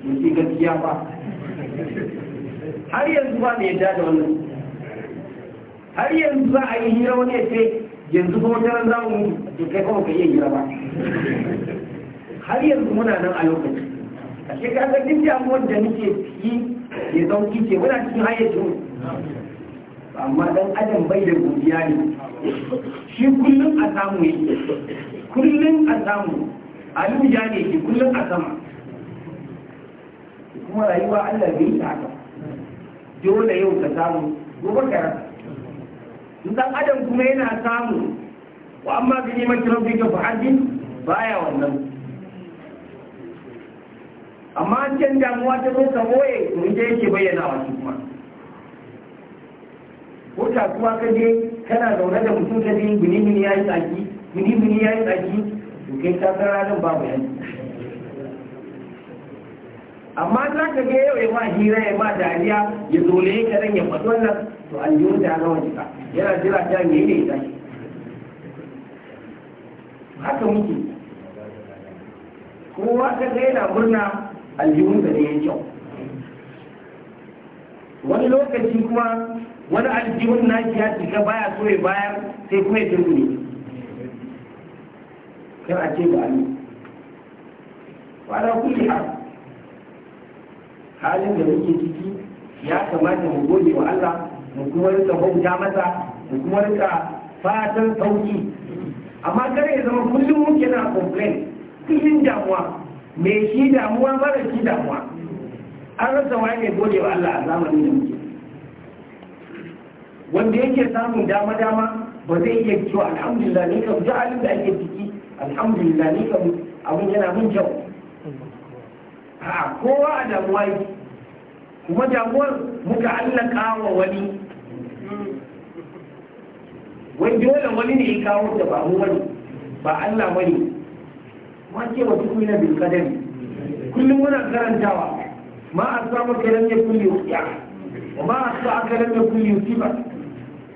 mutu gaskiya ba har yanzu ba mai yadda da wannan har yanzu za a yi hira wani ya ce yanzu kuma wata za mu mutu kai kuma ka iya hira ba har yanzu muna nan a lokaci a shekara duk damuwar da muke yi ya zama kike muna cikin hayyacin amma dan adam bai da godiya ne shi kullum a samu ne kullum a samu a ya ne ke kullum a sama kuma rayuwa Allah bai yi haka dole yau ka samu gobe ka rasa dan adam kuma yana samu wa amma bi ni'mati rabbi ka fa'adi baya wannan amma can damuwa ta zo ka boye to je yake bayyana wa kuma ko kuwa ka je kana zaune da mutum ka je gini ya yayi tsaki gini ya yi tsaki to kai ka tsara nan babu yanzu. amma za ka ga yau ya ma hira ya ma dariya ya zole ka nan ya faɗi wannan to an yi wuta na wani ka yana jira ta ne ne ya tashi haka muke kowa ka ga yana murna da ne ya kyau wani lokaci kuma wani aljihun shi ya shiga baya so ya bayar sai kuma ya ne kan a ce ba ni ba da kulli haka halin da muke ciki ya kamata mu gode wa Allah mu kuma rika bauta masa mu kuma rika fatan sauki amma kar ya zama kullum muke na complain kullum damuwa me shi damuwa mara shi damuwa an rasa waye mai gode wa Allah a zamanin da muke wanda yake samun dama dama ba zai iya cewa alhamdulillah ne kam duk da ake ciki alhamdulillah ne kam abin yana min kyau a kowa a damuwa yi kuma damuwar muka allaka wa wani wani dole wani ne ya kawo da ba mu wani ba Allah wani ma ce wa tukuni na bin kadari kullum muna karantawa ma asama ka lam yakun yuqiya wa ma asfa ka lam yakun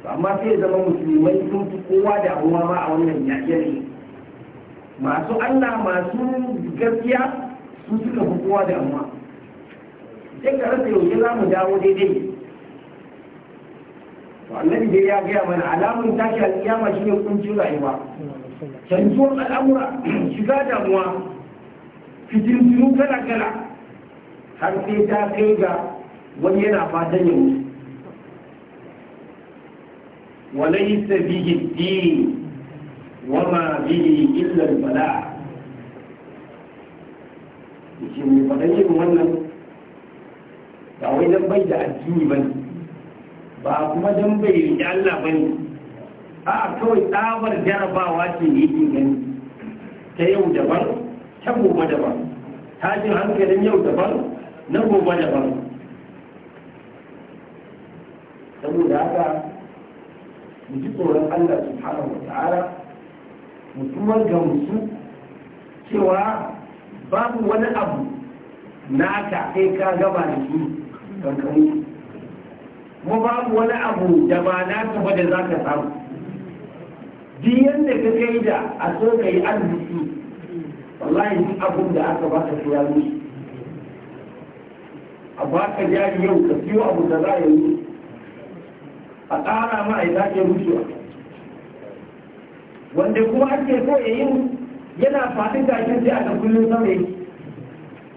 ba amma sai zama musulmai sun fi kowa da amma ma a wannan yanayi masu Allah masu gaskiya su suka fi kowa da amma sai ka rasa yaushe za mu dawo daidai to annabi dai ya gaya mana alamun tashi alkiyama shine kuncin rayuwa canjuwar al'amura shiga damuwa fitintinu kala kala har sai ta kai ga wani yana fatan ya mutu وليس به wama وما به illar bala. yake mai faɗan irin wannan ba wai dan bai da addini ba ne ba kuma dan bai riƙe Allah ba ne a kawai tsabar jarabawa ce ne yake gani ta yau daban ta gobe daban tashin hankalin yau daban na gobe daban saboda haka mu ji tsoron Allah subhanahu wa ta'ala mu ga musu cewa babu wani abu na ka sai ka gaba da shi kankan kuma babu wani abu da ba ka ba da za ka samu duk yadda ka kai da a so ka yi arziki wallahi duk abin da aka ba ka siya rushe a ba ka jari yau ka siyo abu da za ya yi a tsara ma a yi rushewa wanda kuma ake so ya yi yana fatin ake sai a ga kullum sama yi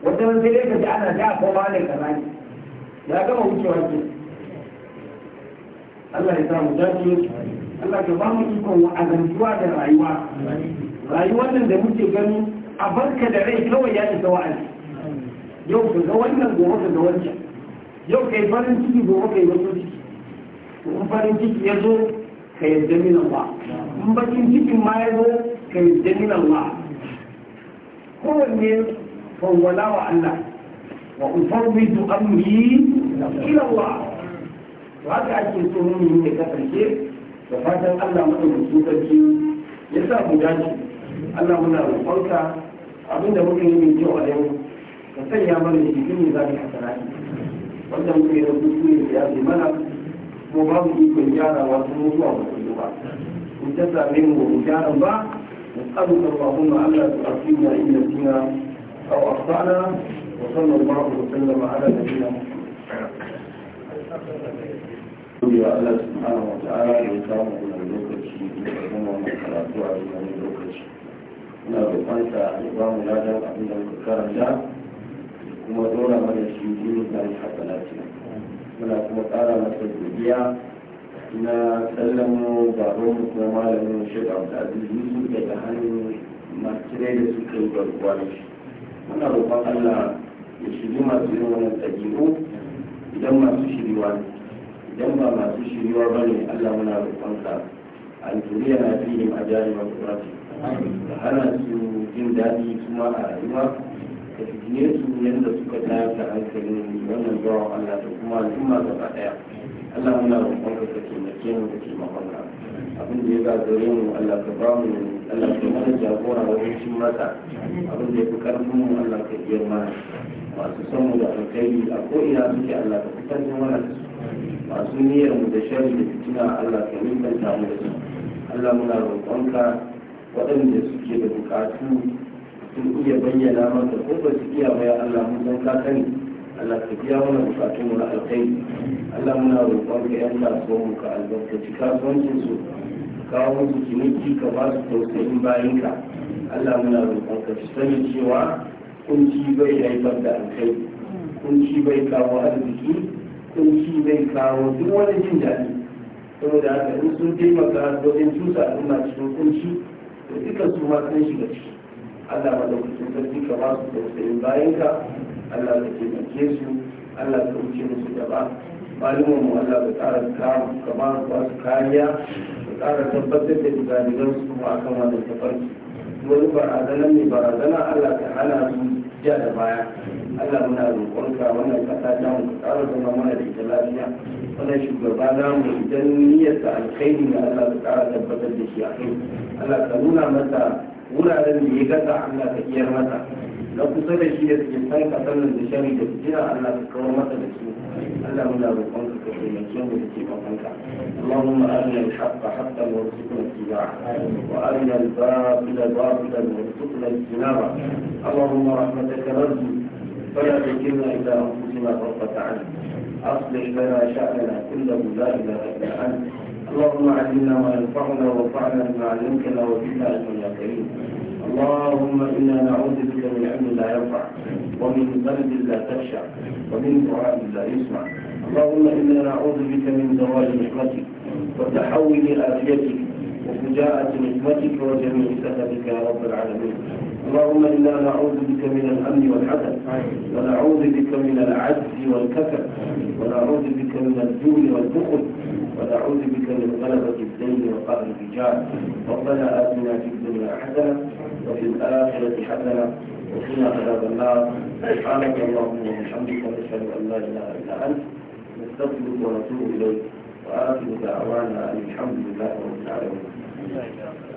wata wanzu ne dai ka ji ana da ko ba ne ga ne ya gama wucewa ke Allah ya samu dace Allah ka ba mu a zantuwa da rayuwa rayuwar nan da muke gani a barka da rai kawai ya isa wa'azi yau ka ga wannan gobe ka ga wancan yau ka yi farin ciki gobe ka yi wasu ciki in farin ciki ya zo ka yadda min Allah in bakin cikin ma ya zo ka yi jami'in Allah kowanne fawwala wa Allah wa ufarmidu amri ila Allah to haka ake so mun yi da kasance da fatan Allah madaukakin sarki ya sa mu dace Allah muna roƙonka abinda muka yi mai kyau a yau ka sanya mana shi kin za ka hasara wanda muka yi rubutu ne ya bi mana ko babu ikon gyara wasu mutuwa ba su ba in ta same mu ba mu ba أسألك اللهم ألا تؤاخذنا إن نسينا أو أخطأنا وصلى الله وسلم على نبينا Kuriya Allah subhanahu wa ta'ala da ya samu wani lokaci da kuma wani karatu a wani lokaci. Ina roƙon sa ya ba mu ladan abin da muka karanta kuma dora mana shi jini da ya haka lafiya. Muna kuma ƙara masa godiya na sallamo baban kuma malamin shiga abdulaziz yusuf daga hannun masu da suka yi garkuwa da shi muna roƙon allah ya shiri masu yin wannan ɗabi'u idan masu shiriwa ne idan ba masu shiriwa ba ne allah muna roƙon ka an turiya na fili a jari makurati da hana su jin daɗi kuma a rayuwa da fitine su yadda suka tayar da hankalin wannan bawan allah da kuma al'umma gaba ɗaya Allah muna roƙon ka ka taimake mu ka taimakon ka abin da ya gagare mu Allah ka ba mu Allah ka mana jagora wajen cin mata abin da ya fi karfin mu Allah ka iya mana masu son mu da alkhairi a ko ina suke Allah ka fitar da mana masu niyyar mu da sharri da fitina Allah ka ninkanta mu da su Allah muna roƙon ka waɗanda suke da bukatu sun iya bayyana maka ko ba su iya ba ya Allah mun san ka sani Allah ka biya mana bukatun mu na alkhairi Allah muna roƙon ka yan kasuwan mu ka albarkaci kasuwancin su kawo musu ciniki ka ba su tausayin bayan ka Allah muna roƙon ka sani cewa kunci bai haifar da alkhairi kunci bai kawo arziki kunci bai kawo duk wani jin daɗi saboda haka in sun taimaka wajen cusa al'umma cikin kunci da duka su ma sun shiga ciki Allah madaukakin sarki ka ba su tausayin bayan ka Allah ka taimake su Allah ka wuce musu gaba malumin mu Allah ka tsara kamu kama ba su kariya ka tsara tabbatar da zaliban su kuma akan wannan tafarki wani barazana ne barazana Allah ka hana su ja da baya Allah muna roƙonka wannan ƙasa ta mu ƙara zama mana da ita lafiya wannan shugaba na mu idan niyyarsa alkhairi ne Allah ka ƙara tabbatar da shi a kai Allah ka nuna masa wuraren da ya gasa Allah ka iyar masa na kusa da shi ya tsinta ka sanin da shari da jira Allah ka kawar masa da su Allah mu da roƙon ka ka taimake mu da ke bakanka Allahumma arina al-haqqa haqqan wa rzuqna ittiba'a wa arina al-batila batilan wa rzuqna ijtinaba Allahumma rahmataka narju فلا تكلنا إلى أنفسنا طرفة عين أصلح لنا شأننا كله لا إله إلا أنت اللهم علمنا ما ينفعنا وانفعنا بما علمتنا وزدنا علما يا كريم اللهم إنا نعوذ بك من علم لا ينفع ومن قلب لا تخشع ومن دعاء لا يسمع اللهم إنا نعوذ بك من زوال نعمتك وتحول آفيتك وفجاءة نعمتك وجميع سخطك يا رب العالمين اللهم إنا نعوذ بك من الأمن والحسد ونعوذ بك من العجز والكسل ونعوذ بك من الجوع والبخل ونعوذ بك من غلبة الدين وقهر الرجال ربنا آتنا في الدنيا حسنة وفي الآخرة حسنة وقنا عذاب النار سبحانك اللهم وبحمدك نشهد أن لا إله إلا أنت نستغفرك ونتوب إليك وآخر دعوانا أن الحمد لله رب العالمين